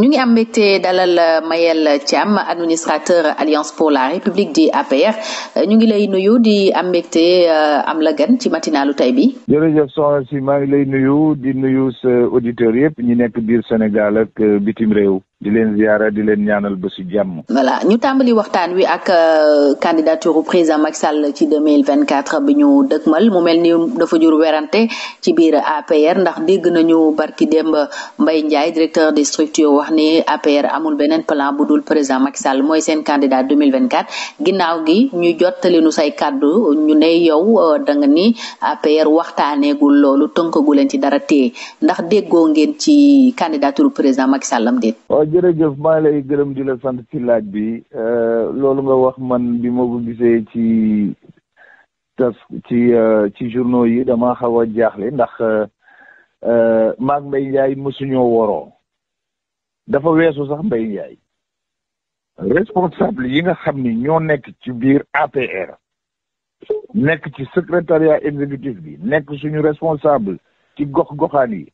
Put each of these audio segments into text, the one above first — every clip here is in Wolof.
ñu ngi am mbégte dalal euh, Mayel Thiam administrateur alliance pour la république di APR ñu ngi lay nuyu di am mbégte euh, am la gan ci matinalu tey bi jërëjëf soxna si ngi lay nuyu di nuyu se auditeurs yëpp ñi nekk biir Sénégal ak euh, bitim réew di leen ziara di leen ñaanal ba si jàmm. voilà ñu tàmbali waxtaan wi ak euh, candidature président Macky Sall ci deux mille vingt quatre bi ñu dëgmal mu mel ni dafa jur weerante ci biir APR ndax dégg na nañu barki démb mbay Ndiaye directeur des structures wax ni APR amul beneen plan bu dul président Macky mooy seen candidat deux mille vingt quatre ginnaaw gi ñu jottali nu say kàddu ñu ne yow euh, da nga ni APR waxtaaneegul loolu tënkagu leen ci dara téye ndax déggoo ngeen ci candidature président Macky jërëjëf maa lay gërëm di la sant ci laaj bi euh, loolu nga wax man bi ma ko gisee ci tas ci euh, ci journaux yi dama xaw a jaaxle ndax euh, maag Mbay Njaay mësuñoo woroo dafa weesu sax Mbay Njaay responsable yi nga xam ni ñoo nekk ci biir APR nekk ci secrétariat exécutif bi nekk suñu responsable ci gox goxaan yi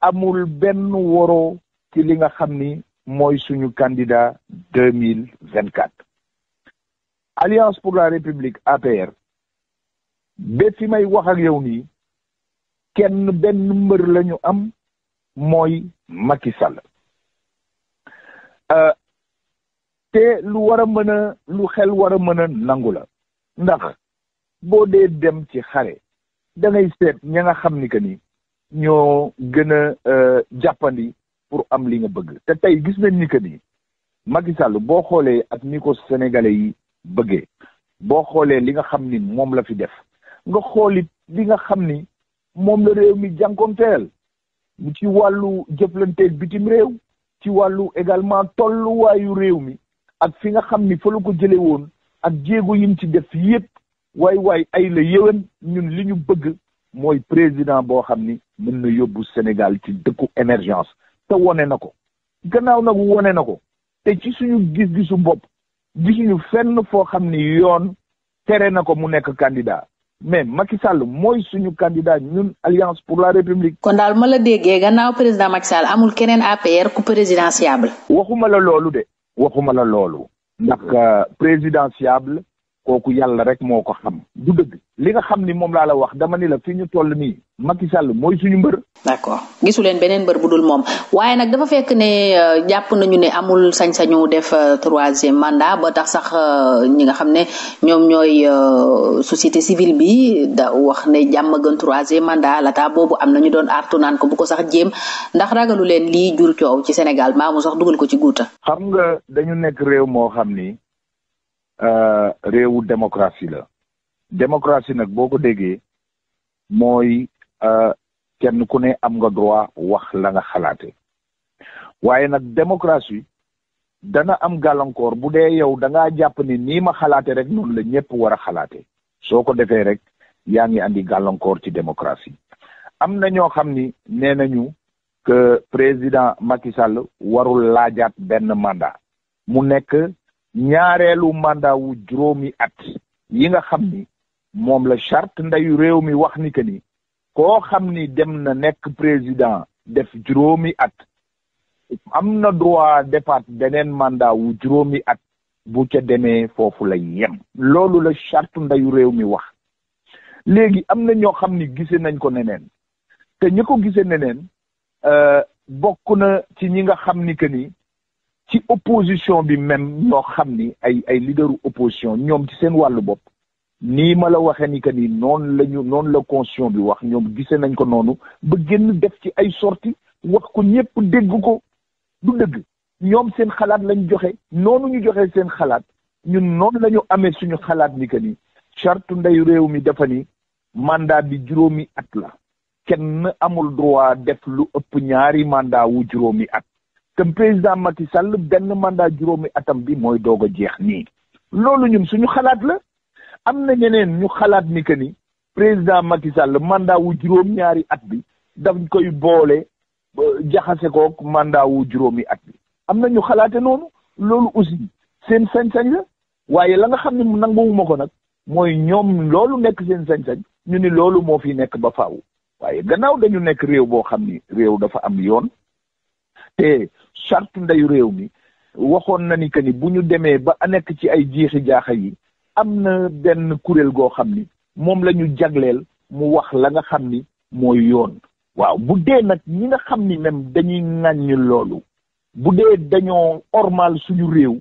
amul benn woroo ci li nga xam ni mooy suñu candidat deux mille vingt quatre alliance pour la république APR ba fi wax ak yow nii kenn benn mbër lañu am mooy Macky Sall euh, te lu war a mën a lu xel war a mën a nangu la ndax boo dee dem ci xare da ngay seet ña nga xam ni que ni ñoo gën a euh, jàppandi pour am li nga bëgg te tey gis nañ ni que ni Macky Sall boo xoolee ak ni ko sénégalais yi bëggee boo xoolee li nga xam ni moom la fi def nga xoolit li nga xam ni moom la réew mi jànkonteel ci wàllu jëflanteeg bitim réew ci wàllu également tolluwaayu réew mi ak fi nga xam ni fa la ko jële woon ak jéego yim ci def yépp waay waay ay la yéwén ñun li ñu bëgg mooy président boo xam ni mën na yóbbu Sénégal ci dëkku émergence te wone na ko gannaaw nag wone na ko te ci suñu gis-gisu bopp gisuñu fenn foo xam ni yoon tere na ko mu nekk candidat mais Macky Sall mooy suñu candidat ñun alliance pour la république. kon daal ma la déggee gannaaw président Macky Sall amul keneen APR ku présidentiable. waxuma la loolu de waxuma la loolu. ndax euh, présidentiable kooku yàlla rek moo ko xam du dëgg li nga xam ni moom laa la wax dama ni la fi ñu toll nii Macky Sall mooy suñu mbër d'accord gisuleen beneen mbër bu dul moom waaye nag dafa fekk ne euh, jàpp nañu ne amul sañ-sañu def euh, troisième mandat ba tax sax euh, ñi nga xam ne ñoom ñooy société civile bi da wax ne jàmm gën mandaa mandat lataa boobu am na ñu doon artu naan ko bu ko sax jéem ndax ragalu leen lii jur coow ci Sénégal maa sax dugal ko ci guuta xam nga dañu nekk réew moo xam Euh, réewu démocratie la démocratie nag boo ko déggee mooy euh, kenn ku ne am nga droit wax la nga xalaate waaye nag démocratie dana am gàllankoor bu dee yow da ngaa jàpp ni nii ma rek noonu la ñëpp war a xalaate soo ko defee rek yaa ngi andi gàllankoor ci démocratie am na ñoo xam ni nee nañu que président Macky Sall warul laajaat benn mandat mu nekk ñaareelu mandat wu juróomi at yi nga xam ni moom la charte ndeyu réew mi wax ni que ni koo xam ni dem na nekk président def juróomi at am na droit defaat beneen mandat wu juróomi at bu ca demee foofu la yem loolu la charte ndeyu réew mi wax léegi am na ñoo xam ni gise nañ ko neneen te ñi ko gise neneen euh, bokk na ci ñi nga xam ni que ni ci opposition bi même ñoo xam ni ay ay leaderu opposition ñoom ci seen wàllu bopp nii ma la waxee ni que ni noonu lañu ñu noonu la constitution bi wax ñoom gisee nañ ko noonu ba génn def ci ay sorti wax ko ñëpp dégg ko du dëgg ñoom seen xalaat lañ joxe noonu ñu joxe seen xalaat ñun noonu lañu ñu amee suñu xalaat ni que ni charte ndeyu réew mi dafa ni mandat bi juróomi at la kenn amul droit def lu ëpp ñaari mandat wu juróomi at te président Macky Sall benn mandat juróomi atam bi mooy doog a jeex nii loolu ñun suñu xalaat la am na ñeneen ñu xalaat ni que ni président Macky Sall mandat wu juróom-ñaari at bi dañ koy boole jaxase kook mandat wu juróomi at bi am na ñu xalaate noonu loolu aussi seen sañ-sañ la waaye la nga xam ne nanguwuma ko nag mooy ñoom loolu nekk seen sañ-sañ ñu ni loolu moo fi nekk ba faaw waaye gannaaw dañu nekk réew boo xam ni réew dafa am yoon te charte ndeyu réew mi waxoon na ni que ni bu ñu demee ba nekk ci ay jeexi jaaxa yi am na benn kuréel goo xam ni moom la ñu jagleel mu wax la nga xam ni mooy yoon. waaw bu dee nag ñi nga xam ni même dañuy ŋàññ loolu bu dee dañoo ormal suñu réew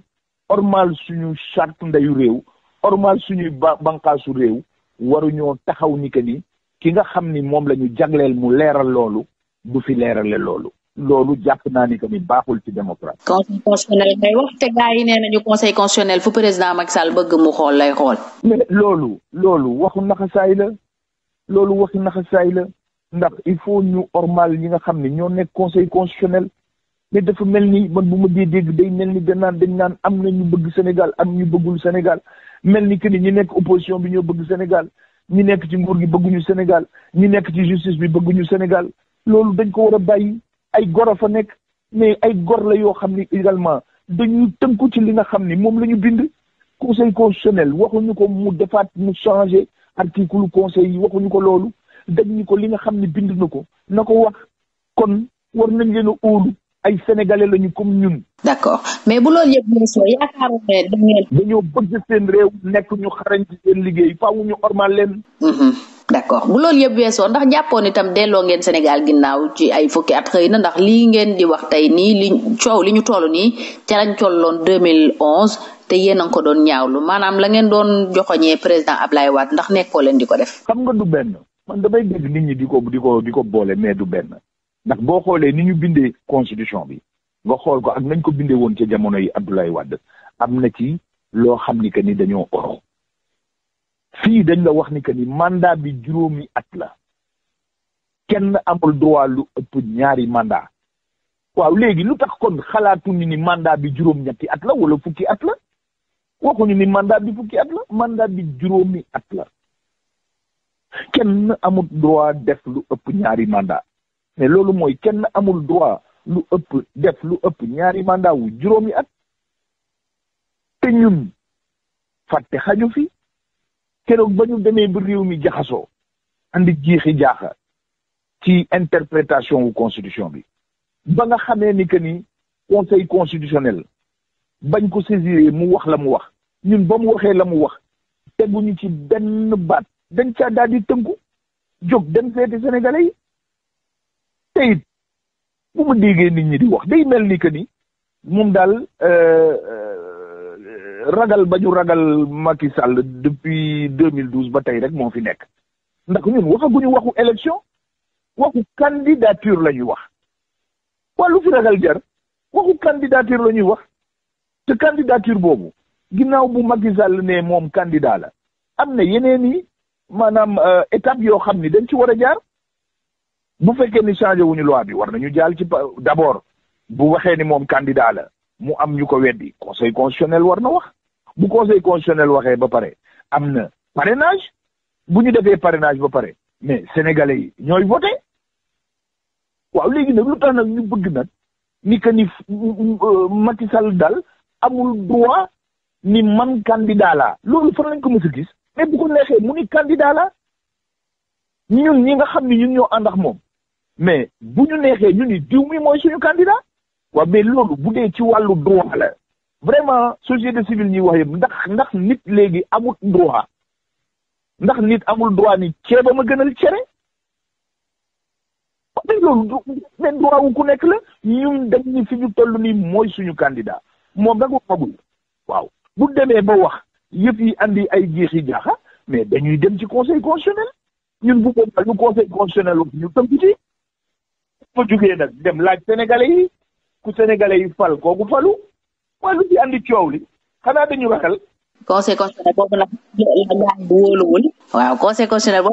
ormal suñu charte ndeyu réew ormal suñuy ba banqaasu réew waruñoo taxaw ni que ni ki nga xam ni moom lañu jagleel mu leeral loolu du fi leerale loolu. loolu jàpp naa ni que ni baaxul ci démocratie. conseil constitutionnel ngay wax te gars yi nee nañu conseil constitutionnel fu président Macky Sall bëgg mu xool lay xool. mais loolu loolu waxu naxasaay la loolu waxu naxasaay la ndax il faut ñu ormal ñi nga xam ne ñoo nekk conseil constitutionnel mais dafa mel ni man bu ma dee dégg day mel ni danaan dañ naan am na ñu bëgg Sénégal am ñu bëggul Sénégal mel ni ki ni ñu nekk opposition bi ñoo bëgg Sénégal ñu nekk ci nguur gi bëgguñu Sénégal ñi nekk ci justice bi bëgguñu Sénégal dañ ko war a bàyyi. ay goro a fa nekk mais ay gor la yoo xam ni également dañuy tënku ci li nga xam ni moom la ñu bind conseil constitutionnel waxuñu ko mu defaat mu changé article conseil yi waxuñu ko loolu dañu ko li nga xam ni bind na ko na ko wax kon war nañ leen óolu ay sénégalais lañu comme ñun. d'accord mais bu loolu yëpp weesoo yaakaaroon ne da dañoo bëgg seen réew nekk ñu xarañ ci seen liggéey faaw ñu ormal leen. Mm-hmm. d'accord bu loolu yëpp weesoo ndax jàppoon itam delloo ngeen Sénégal ginnaaw ci ay fukki at xëy na ndax lii ngeen di wax tey nii li coow li ñu toll nii ca lañ mille 2011 te yéen a ngi ko doon ñaawlu maanaam la ngeen doon joxoñee président Ablaye waat ndax nekkoo leen di ko def. xam nga du benn man damay dégg nit di ko di ko di ko boole mais du benn. ndax boo xoolee ni ñu bindee constitution bi nga xool ko ak nañ ko bindee woon ca jamono yi Abdoulaye Wade am na ci loo xam ni que ni dañoo oro fii dañ la wax ni que ni mandat bi juróomi at la kenn amul droit ñaari mandat waaw léegi lu tax kon xalaatu ñu ni mandat bi juróom at la wala fukki at la waxuñu ni mandat bi fukki at la mandat bi juróomi at la kenn amul droit def lu ëpp ñaari mandat mais loolu mooy kenn amul droit lu ëpp def lu ëpp ñaari mandat wu juróomi at te ñun fàtte xaju fi keroog ba ñu demee ba réew mi jaxasoo andi jiixi jaaxa ci interprétation wu constitution bi ba nga xamee ni que ni conseil constitutionnel bañ ko saisir mu wax la mu wax ñun ba mu waxee la mu wax ñu ci benn baat dañ caa daal di tënku jog dem seeti sénégalais yi te it bu ma déggee nit ñi di wax day mel ni que ni moom daal euh, euh, ragal ba ñu ragal Macky Sall mille 2012 ba tey rek moo fi nekk ndax ñun waxaguñu waxu élection waxu candidature la ñuy wax wàllu fi ragal jar waxu candidature la ñuy wax te candidature boobu ginnaaw bu Macky Sall ne moom candidat la am na yeneen yi maanaam euh, étape yoo xam ni dañ ci war a jaar. bu fekkee ni changé wuñu loi bi war na ñu jàll ci d' abord bu waxee ni moom candidat la mu am ñu ko weddi conseil constitutionnel war na wax bu conseil constitutionnel waxee ba pare am na parrainage bu ñu defee parrainage ba pare mais sénégalais yi ñooy voté waaw léegi nag lu tax nag ñu bëgg nag ni que ni euh, Macky Sall dal amul droit ni man candidat la loolu fan lañ ko mës a gis mais bu ko neexee mu ni candidat la ñun ñi nga xam ne ñun ñoo ànd moom mais bu ñu neexee ñu ni diw mi mooy suñu candidat waaw mais loolu bu dee ci wàllu droit la vraiment société civile ñuy wax yëpp ndax ndax nit léegi amul droit ndax nit amul droit ni ceeba ma gënal cere mais loolu mais droit wu ku nekk la ñun dañ ñu fi ñu toll nii mooy suñu candidat moom nag waxagul waaw bu demee ba wax yëf yi andi ay jeexi jaaxa mais dañuy dem ci conseil constitutionnel ñun bu boobaa lu conseil constitutionnel wax ñu tënk ci fa jógee nag dem laaj sénégalais yi ku sénégalais yi fal kooku falu mooy lu ci andi coow li xanaa dañu waxal conseil constitutionnel boobu la gars yi wóoluwul waaw conseil constitutionnel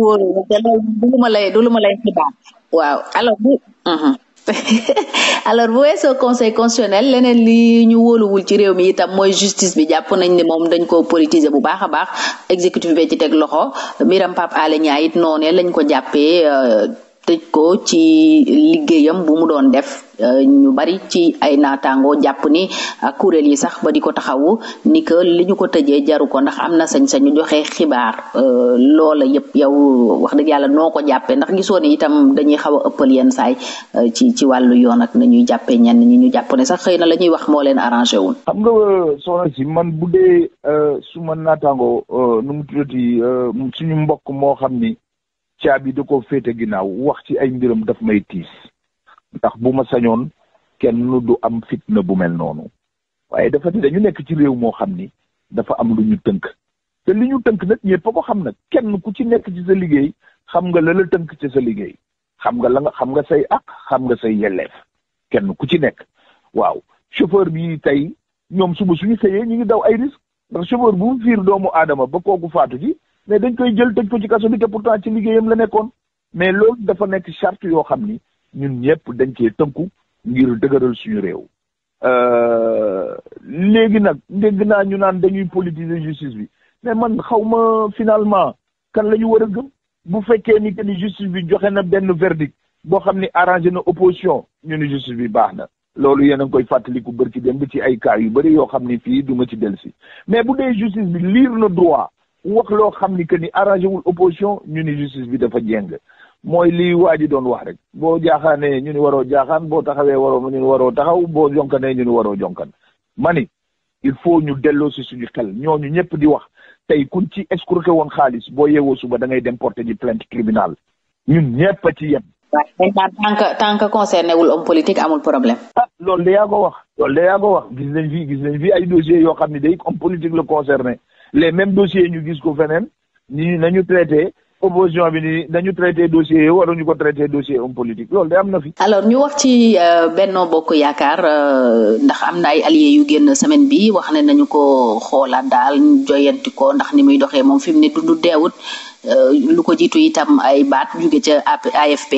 boobu la du lu ma lay du lu lay xibaar waaw alors bu mhm. alors bu weesoo conseil constitutionnel leneen li ñu wóoluwul ci réew mi itam mooy justice bi jàpp nañ ne moom dañ ko politiser bu baax a baax exécutif bi ci teg loxo Biram Pape Alé it noonee lañ ko jàppee euh, tëj ko ci liggéeyam bu mu doon def euh, ñu bari ci ay naataangoo jàpp ni euh, kuréel yi sax ba di ko taxawu ni que li ñu ko tëjee jaru ko ndax am na sañ ñu joxe xibaar euh, loola yëpp yow wax dëgg yàlla noo ko jàppe ndax gisoo ni itam dañuy xaw a ëppal yenn saay ci ci wàllu yoon ak na ñuy jàppee ñenn ñi ñu jàpp ne sax xëy na la ñuy wax moo leen arrangé wul. xam nga soxna si man bu dee suma naataangoo nu mu tuddati suñu moo xam ni. caabi da koo féete ginnaaw wax ci ay mbiram dafa may tiis ndax bu ma sañoon kenn du am fitna bu mel noonu waaye dafa di dañu nekk ci réew moo xam ni dafa am lu ñu tënk te li ñu tënk nag ñëpp ko xam nag kenn ku ci nekk ci sa liggéey xam nga la la tënk ci sa liggéey xam nga la nga xam nga say ak xam nga say yelleef kenn ku ci nekk waaw chauffeur bi tey ñoom suba suñu xëyee ñu ngi daw ay risque ndax chauffeur bu mu fiir doomu aadama ba kooku faatu ji mais dañ koy jël tëj ko ci kaso bi te pourtant ci liggéeyam la nekkoon mais loolu dafa nekk charte yoo xam ni ñun ñëpp dañ cee tënku ngir dëgëral suñu réew. Euh, léegi nag dégg naa ñu naan dañuy politiser justice bi mais man xaw ma finalement kan la ñu war a gëm bu fekkee ni que ni justice bi joxe na benn verdict boo xam ni arrangé na opposition ñu ni justice bi baax na. loolu yéen a ngi koy fàttaliku bërki dem bi ci ay cas yu bëri yoo xam ni fii du ma ci dellusi mais bu dee justice bi liir na droit wax loo xam ni que ni arrangé wul opposition ñu ni justice bi dafa jéng mooy li waa ji doon wax rek boo jaaxaanee ñu ni waroo jaaxaan boo taxawee waroo ñu ni waroo taxaw boo jonkanee ñu ni waroo jonkan mani il faut ñu delloo si suñu xel ñooñu ñëpp di wax tey kuñ ci escroqué woon xaalis boo yeewoo suba da ngay dem porter ji plainte tribunal ñu ñëpp ci yem. waaw tant que tant que concerné wul homme politique amul problème. ah loolu de yaa ko wax. loolu de yaa wax gis nañ fi gis nañ fi ay dossiers yoo xam ne day homme politique la concerné. les même dossiers ñu gis ko feneen ni nañu traité opposition bi ni nañu traité dossier yow ñu ko traité dossier homme politique loolu de am na fi. alors ñu wax ci euh, Benno Bokk Yaakaar euh, ndax am na ay alliés yu génn semaine bi wax ne nañu ko xoolaat daal joyanti ko ndax ni muy doxee moom fi mu ne dundu deewut euh, lu ko jiitu itam ay baat jóge ca AFP.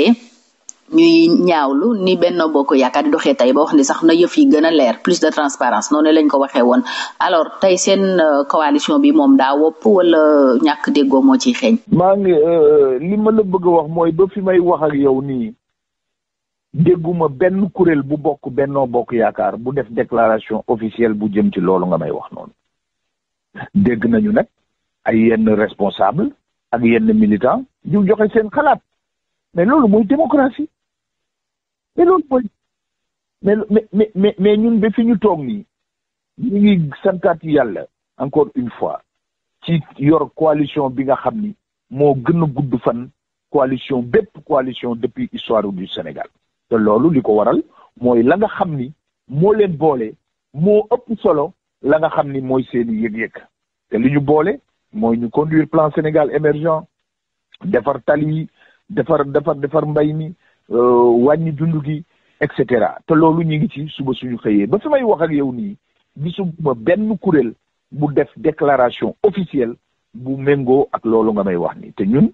ñuy ñaawlu ni Benno Bokk Yaakaar di doxee tey ba wax ni sax na yëf yi gën a leer plus de transparence noonu lañ ko waxee woon alors tey seen euh, coalition bi moom daa wopp wala ñàkk déggoo moo ciy xeeñ maa ngi euh, li ma la bëgg a wax mooy ba fi may wax ak yow nii dégguma benn kuréel bu bokk Benno Bokk Yaakaar bu def déclaration officielle bu jëm ci loolu nga may wax noonu dégg nañu nag ay yenn responsable ak yenn militant ñu joxe seen xalaat mais loolu mooy démocratie mais loolu mooy mais mais mais mais ñun ba fi ñu toog nii ñu ngi santaat yàlla encore une fois ci yor coalition bi nga xam ni moo gën a gudd fan coalition bépp coalition depuis histoire du Sénégal te loolu li ko waral mooy la nga xam ni moo leen boole moo ëpp solo la nga xam ni mooy seeni yëg-yëg te li ñu boole mooy ñu conduire plan Sénégal émergent defar tali yi defar defar defar mbay mi Euh, wàññi dund gi et cetera te loolu ñu ngi ci suba suñu xëyee ba fi wax ak yow nii gisuma benn kuréel bu def déclaration officielle bu méngoo ak loolu nga may wax ni te ñun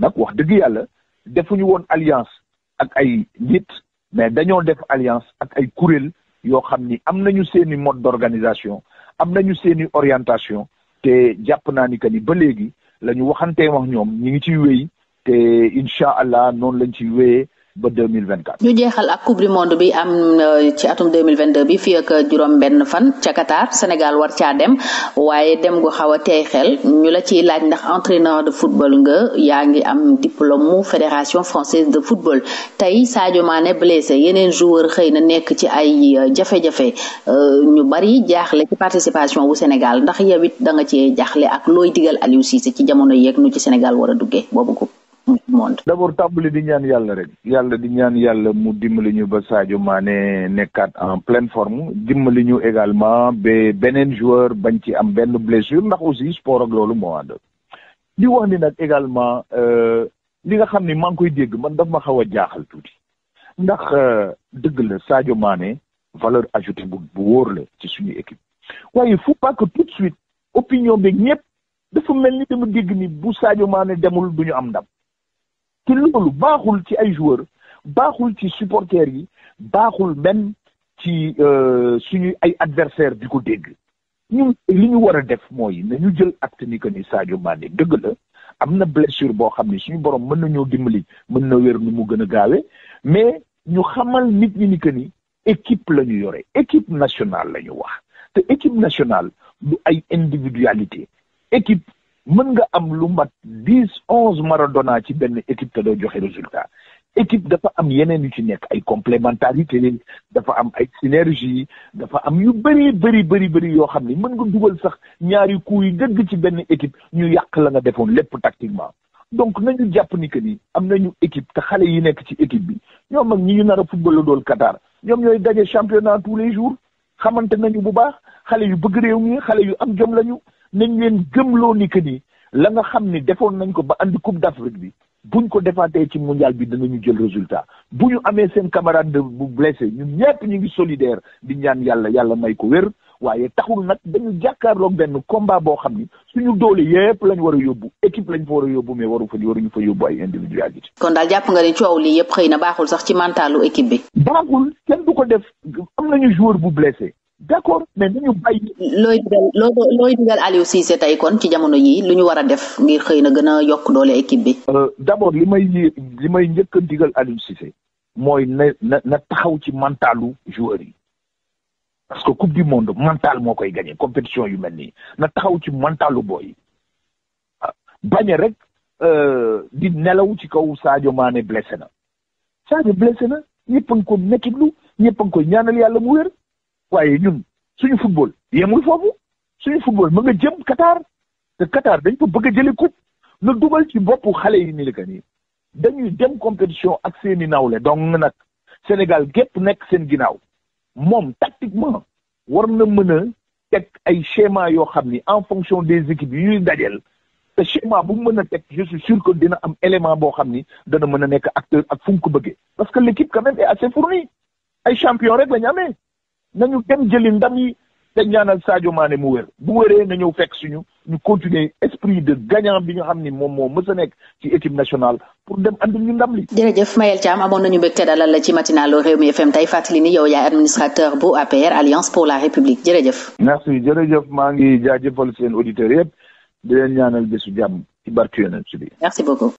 nag wax dëgg yàlla defuñu woon alliance ak ay nit mais dañoo def alliance ak ay kuréel yoo xam ni am nañu seeni mode d'organisation am nañu seeni orientation te jàpp naa ni que ni ba léegi la ñu waxantee wax ñoom ñi ngi ci wéy te incha allah noonu lañ ciy wéyee ba deux ñu jeexal ak coupe du monde bi am euh, ci atum deux mille vingt deux bi fii ak euh, juróom-benn fan ca Qatar Sénégal war caa dem waaye dem gu xaw a teey xel ñu la ciy laaj ndax entraîneur de football nga yaa ngi am diplôme mu fédération française de football tey Sadio Mané blessé yeneen joueur xëy na nekk ci ay euh, jafe-jafe ñu bari jaaxle ci participation wu Sénégal ndax yow it da nga cee jaaxle ak looy digal Aliou Cissé ci jamono yeeg nu ci Sénégal war a duggee boobu. monde. d'abord tàmbali di ñaan yàlla rek yàlla di ñaan yàlla mu dimbali ñu ba Sadio maane nekkaat en pleine forme dimbali ñu également ba beneen joueur bañ ci am benn blessure ndax aussi sport ak loolu moo ànd. di wax ni nag également euh, li nga xam ni maa ngi koy dégg man daf ma xaw a jaaxal tuuti ndax euh, dëgg la Sadio Mané valeur ajoutée bu bu wóor la ci suñu équipe waaye il faut tout de suite opinion bi ñëpp dafa mel ni dama dégg ni bu Sadio Mané demul du ñu am ndam. te loolu baaxul ci ay joueur baaxul ci supporters yi baaxul même ci euh, suñuy ay adversaires bi ko dégg ñun li ñu war a def mooy nañu jël acte ni que ni Sadio Mané dëgg la am na blessure boo xam ni suñu borom mën nañoo dimbali mën na wér ni mu gën a gaawee mais ñu xamal nit ñi ni que ni équipe la ñu yore équipe nationale lañu wax te équipe nationale du ay individualité équipe mën nga am lu mat dix onze Maradona ci benn équipe te doo joxe résultat équipe dafa am yeneen yu ci nekk ay complémentarité dafa am ay synergie dafa am yu bëri bëri bëri bëri yoo xam ne mën nga dugal sax ñaari coups yi dëgg ci benn équipe ñu yàq la nga defoon lépp tactiquement donc nañu jàpp ni que ni am nañu équipe te xale yi nekk ci équipe bi ñoo mag ñi ñu nar a football la dool Qatar ñoom ñooy daje championnat tous les jours xamante nañu bu baax xale yu bëgg réew mi xale yu am jom lañu nañ leen gëmloo ni que ni la nga xam ne defoon nañ ko ba andi coupe d'Afrique bi buñ ko defaatee ci mondial bi ñu jël résultat bu ñu amee seen camarade bu blessé ñun ñëpp ñu ngi solidaire di ñaan yàlla yàlla may ko wér waaye taxul nag dañu jàkkaarloog benn combat boo xam ni suñu doole yëpp lañ war a yóbbu équipe lañ fa war a yóbbu mais waru fa waruñu fa yóbbu ay individualité. kon daal jàpp nga ne coow lii yëpp xëy na baaxul sax ci mentalu équipe bi. baaxul kenn du ko def am nañu joueur bu d'accord mais nañu bàyyi. looy digal looy digal Aliou Cissé tey kon ci jamono yii lu ñu war a def ngir xëy na gën a yokk doole équipe bi. Euh, d'abord li may li may njëkk a digal Aliou Cissé mooy na na taxaw ci mantalu joueur yi parce que coupe du monde mental moo koy gagné compétition yu mel nii na taxaw ci mentalu booy ah, bañ rek euh, di nelaw ci kaw saajo Mané blessé na Sadio blessé na ñëpp a ko mettitlu ñëpp a ngi ko ñaanal yàlla mu wér. waaye ñun suñu football yemul foofu suñu football mën nga jëm Qatar te Qatar dañ ko bëgg a jëli coupe na dugal ci boppu xale yi ni li ka nii dañuy dem compétition ak seeni nawle donc nag Sénégal gépp nekk seen ginnaaw moom tactiquement war na mën a teg ay schéma yoo xam ni en fonction des équipes yu ñuy dajeel te schéma bu mu mën a teg je suis sûr que dina am élément boo xam ni dana mën a nekk acteur ak fu mu ko bëggee parce que l'équipe quand même est assez fournie rek la ñu nañu dem jëli ndam yi te ñaanal Sadio Mané mu wér bu wéree na ñëw fekk suñu ñu continuer esprit de gagnant bi nga xam ni moom moo mës a nekk ci équipe nationale pour dem andi ñu ndam li. jërëjëf Mayel Thiam amoon nañu mbégte dalal la ci matinalu Rewmi FM tey fàttali ni yow yaay administrateur bu APR Alliance pour la République jërëjëf. merci jërëjëf maa ngi jaajëfal seen auditeurs yëpp di leen ñaanal bésu jàmm ci barke Yonent bi. merci beaucoup.